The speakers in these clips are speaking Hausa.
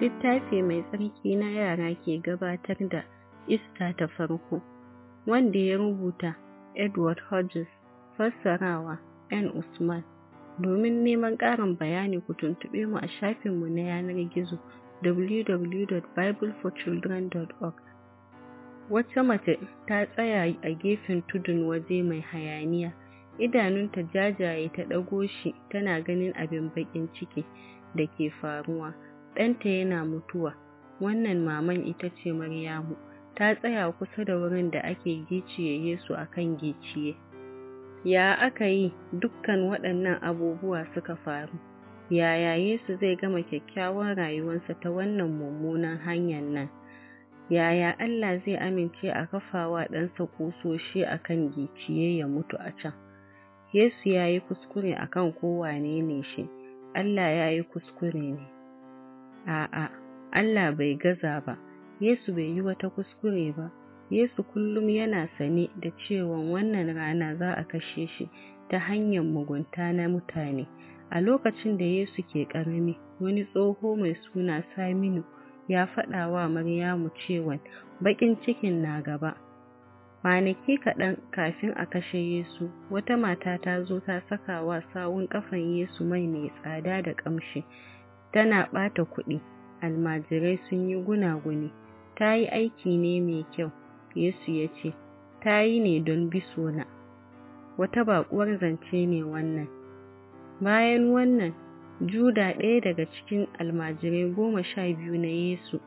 littafi mai tsarki na yara ke gabatar da iska ta farko wanda ya rubuta edward hodges fassarawa n usman domin neman ƙarin bayani ku tuntuɓe mu a shafinmu na yanar gizo www.bibleforchildren.org wata mace ta tsaya a gefen tudun waje mai hayaniya idanunta jajaye ta ɗago shi tana ganin abin baƙin ciki da ke faruwa ɗanta yana mutuwa wannan maman ita ce maryamu ta tsaya kusa da wurin da ake giciye yesu akan giciye ya aka yi dukkan waɗannan abubuwa suka faru yaya yesu zai gama kyakkyawan rayuwarsa ta wannan mummunan hanyar nan yaya allah zai amince a kafawa ɗansa kusoshi akan giciye ya mutu a can yesu ya yi kuskure a akan kowane ne shi allah ya yi kuskure ne A'a, Allah bai gaza ba, Yesu bai yi wata kuskure ba, Yesu kullum yana sane da cewa wannan rana za a kashe shi ta hanyar mugunta na mutane. A lokacin da Yesu ke ƙarami, wani tsoho mai suna Saminu ya faɗa wa Maryamu cewa baƙin cikin na gaba. Kwanaki kaɗan kafin a kashe Yesu, wata mata ta zo ta saka wa sawun ƙafan Yesu mai mai tsada da ƙamshi. tana ɓata kuɗi almajirai sun yi gunaguni ta yi aiki ne mai kyau yesu ya ce ta yi ne don bisona wata baƙuwar zance ne wannan bayan wannan juda ɗaya daga cikin almajirai goma sha biyu na yesu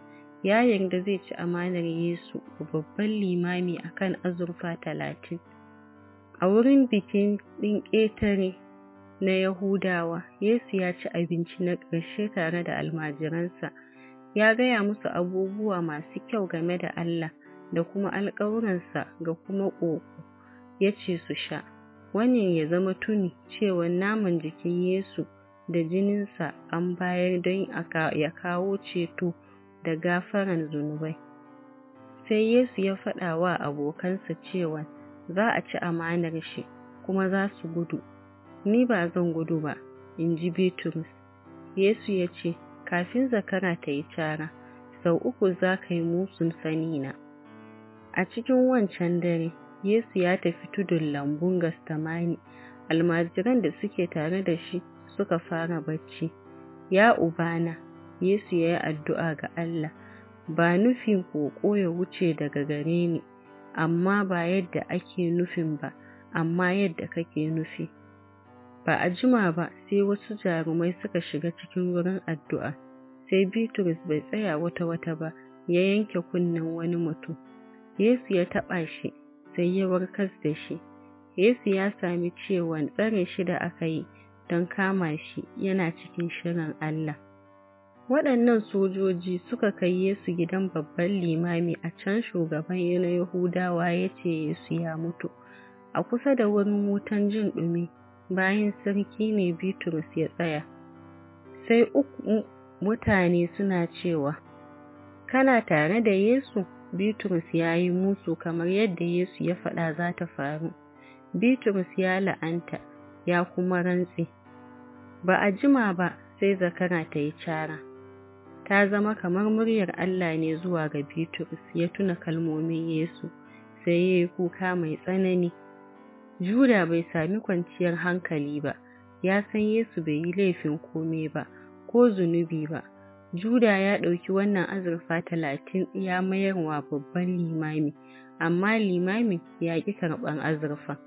ya yarda zai ci amanar yesu ga babban limami akan azurfa talatin a wurin bikin ɗin ƙetare na Yahudawa, Yesu ya ci abinci na ƙarshe tare da almajiransa, ya gaya musu abubuwa masu kyau game da Allah da kuma alƙawuransa ga kuma ƙoƙo, ya ce su sha, wannan ya zama tuni cewa naman jikin Yesu da jininsa an bayar don ya kawo ceto da gafaran zunubai. Sai Yesu ya faɗa wa abokansa cewa za a ci amanar shi kuma za su gudu ni ba zan gudu ba in ji bitrus yesu ya ce kafin zakara ta yi cara sau uku za ka yi musun sanina a cikin wancan dare yesu ya tafi tudun lambun gastamani almajiran da suke tare da shi suka fara bacci ya ubana yesu ya yi addu'a ga allah ba nufin koko ya wuce daga gare ni amma ba yadda ake nufin ba amma yadda kake nufi Ba a jima ba sai wasu jarumai suka shiga cikin wurin addu'a, sai Bitrus bai tsaya wata-wata ba ya yanke kunnen wani mutum. Yesu ya taɓa shi, sai ya warkar da shi. Yesu ya sami cewan tsare shi da aka yi don kama shi yana cikin shirin Allah. Waɗannan sojoji suka kai Yesu gidan babban limami a can shugaban na Yahudawa ya ce Yesu ya mutu, a kusa da wurin wutan jin ɗumi. bayan sarki ne Bitrus ya tsaya. Sai uku mutane suna cewa, Kana tare da Yesu? Bitrus ya yi musu kamar yadda Yesu ya faɗa za ta faru. Bitrus ya la'anta, ya kuma rantse. Ba a jima ba sai zakara ta yi cara. Ta zama kamar muryar Allah ne zuwa ga Bitrus ya tuna kalmomin Yesu, sai ya yi kuka mai tsanani. Juda bai sami kwanciyar hankali ba, ya san Yesu bai yi laifin kome ba, ko zunubi ba. Juda ya ɗauki wannan azurfa talatin ya mayarwa babban limami, amma limamin ya ƙi karɓar azurfa.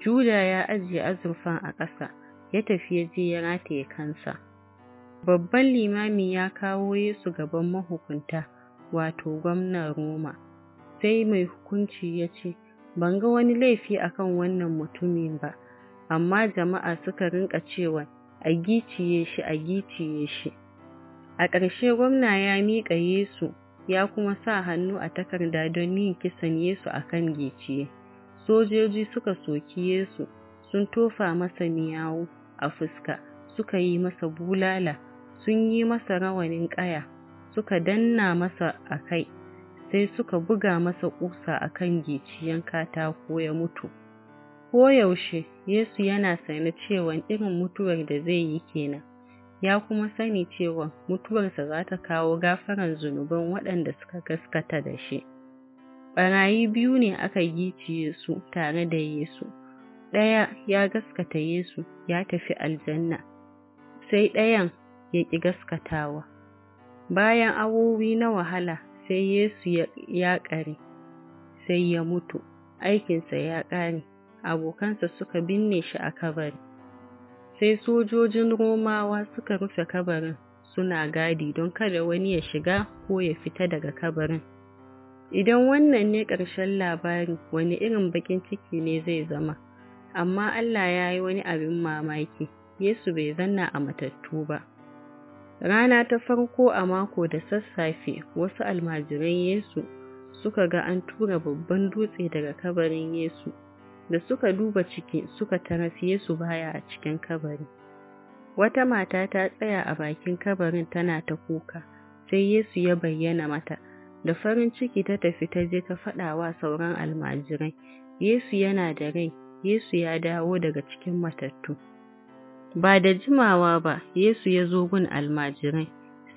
Juda ya ajiye azurfan a ƙasa, ya tafi ya je ya rataye kansa. Babban limami ya kawo Yesu gaban mahukunta, wato gwamnan Roma. Sai mai hukunci ya ce, ban ga wani laifi akan wannan mutumin ba amma jama'a suka rinƙa cewa a giciye shi a giciye shi a ƙarshe gwamna ya miƙa yesu ya kuma sa hannu a takarda don yin kisan yesu a kan giciye sojoji suka soki yesu sun tofa masa miyawu a fuska suka yi masa bulala sun yi masa rawanin ƙaya suka danna masa a kai sai suka buga masa ƙusa a kan giciyan katako ya mutu. Ko yaushe Yesu yana sani cewa irin mutuwar da zai yi kenan, ya kuma sani cewa mutuwarsa za ta kawo gafaran zunuban waɗanda suka gaskata da shi. Ɓarayi biyu ne aka giciye su tare da Yesu, ɗaya ya gaskata Yesu ya tafi aljanna, sai ɗayan ya ƙi gaskatawa. Bayan awowi na wahala sai Yesu ya ƙare, sai ya mutu, aikinsa ya ƙare, abokansa suka binne shi a kabari. Sai sojojin Romawa suka rufe kabarin suna gadi don kada wani ya shiga ko ya fita daga kabarin. Idan wannan ne ƙarshen labari wani irin baƙin ciki ne zai zama, amma Allah ya yi wani abin mamaki, Yesu bai zanna a matattu ba. Rana ta farko a mako da sassafe wasu almajiran Yesu suka ga an tura babban dutse daga kabarin Yesu, da suka duba ciki suka taras Yesu baya a cikin kabari. Wata mata ta tsaya a bakin kabarin tana ta kuka, sai Yesu ya bayyana mata, da farin ciki ta tafi ta je ta faɗa wa sauran almajirai, Yesu yana da rai, Yesu ya dawo daga cikin matattu. Ba da jimawa ba, Yesu ya zo gun almajirai,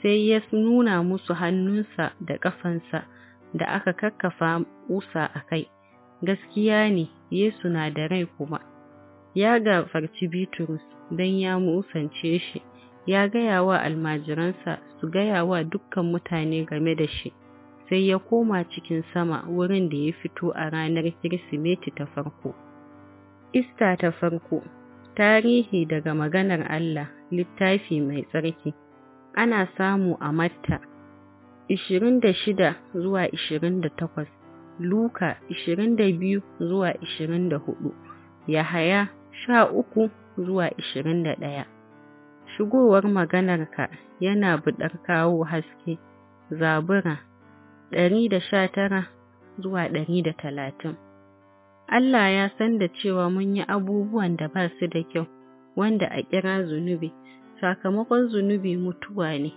sai ya nuna musu hannunsa da ƙafansa da aka kakkafa ƙusa a kai. Gaskiya ne, Yesu na da rai kuma. Ya gafarci Bitrus don ya musance shi, ya gaya wa almajiransa su gaya wa dukkan mutane game da shi, sai ya koma cikin sama wurin da ya fito a ranar Kirsimeti ta farko. Ista ta farko. Tarihi daga maganar Allah, littafi mai tsarki, ana samu a Matta 26 zuwa 28, Luka 22 zuwa 24, Yahaya 13 zuwa 21. Shigowar maganarka yana buɗar kawo haske, Zabura 119 zuwa 130. Allah ya san da cewa mun yi abubuwan da ba su da kyau, wanda a kira zunubi, sakamakon zunubi mutuwa ne.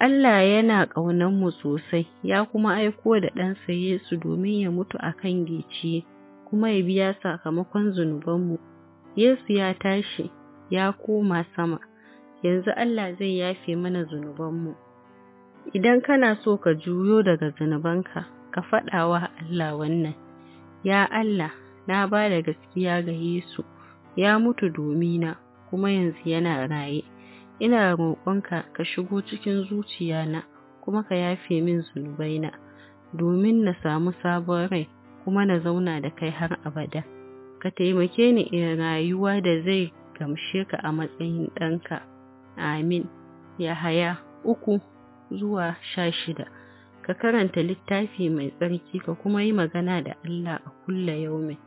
Allah yana mu sosai, ya kuma aiko da ɗansa Yesu domin ya mutu a kan giciye, kuma ya biya sakamakon zunubanmu. Yesu ya tashi, ya koma sama, yanzu Allah zai yafe mana zunubanmu. Idan kana so ka juyo daga zunubanka, ka faɗawa Allah wannan. Ya Allah, na ba da gaskiya ga Yesu, ya mutu domina kuma yanzu yana raye. Ina roƙonka ka shigo cikin zuciyana kuma ka yafe min zunubaina, domin na samu sabon rai kuma na zauna da kai har abada. Ka taimake ni in rayuwa da zai gamshe ka a matsayin ɗanka. Amin. Yahaya uku zuwa sha shida. ka karanta littafi mai tsarki ka kuma yi magana da Allah a kulla yaumin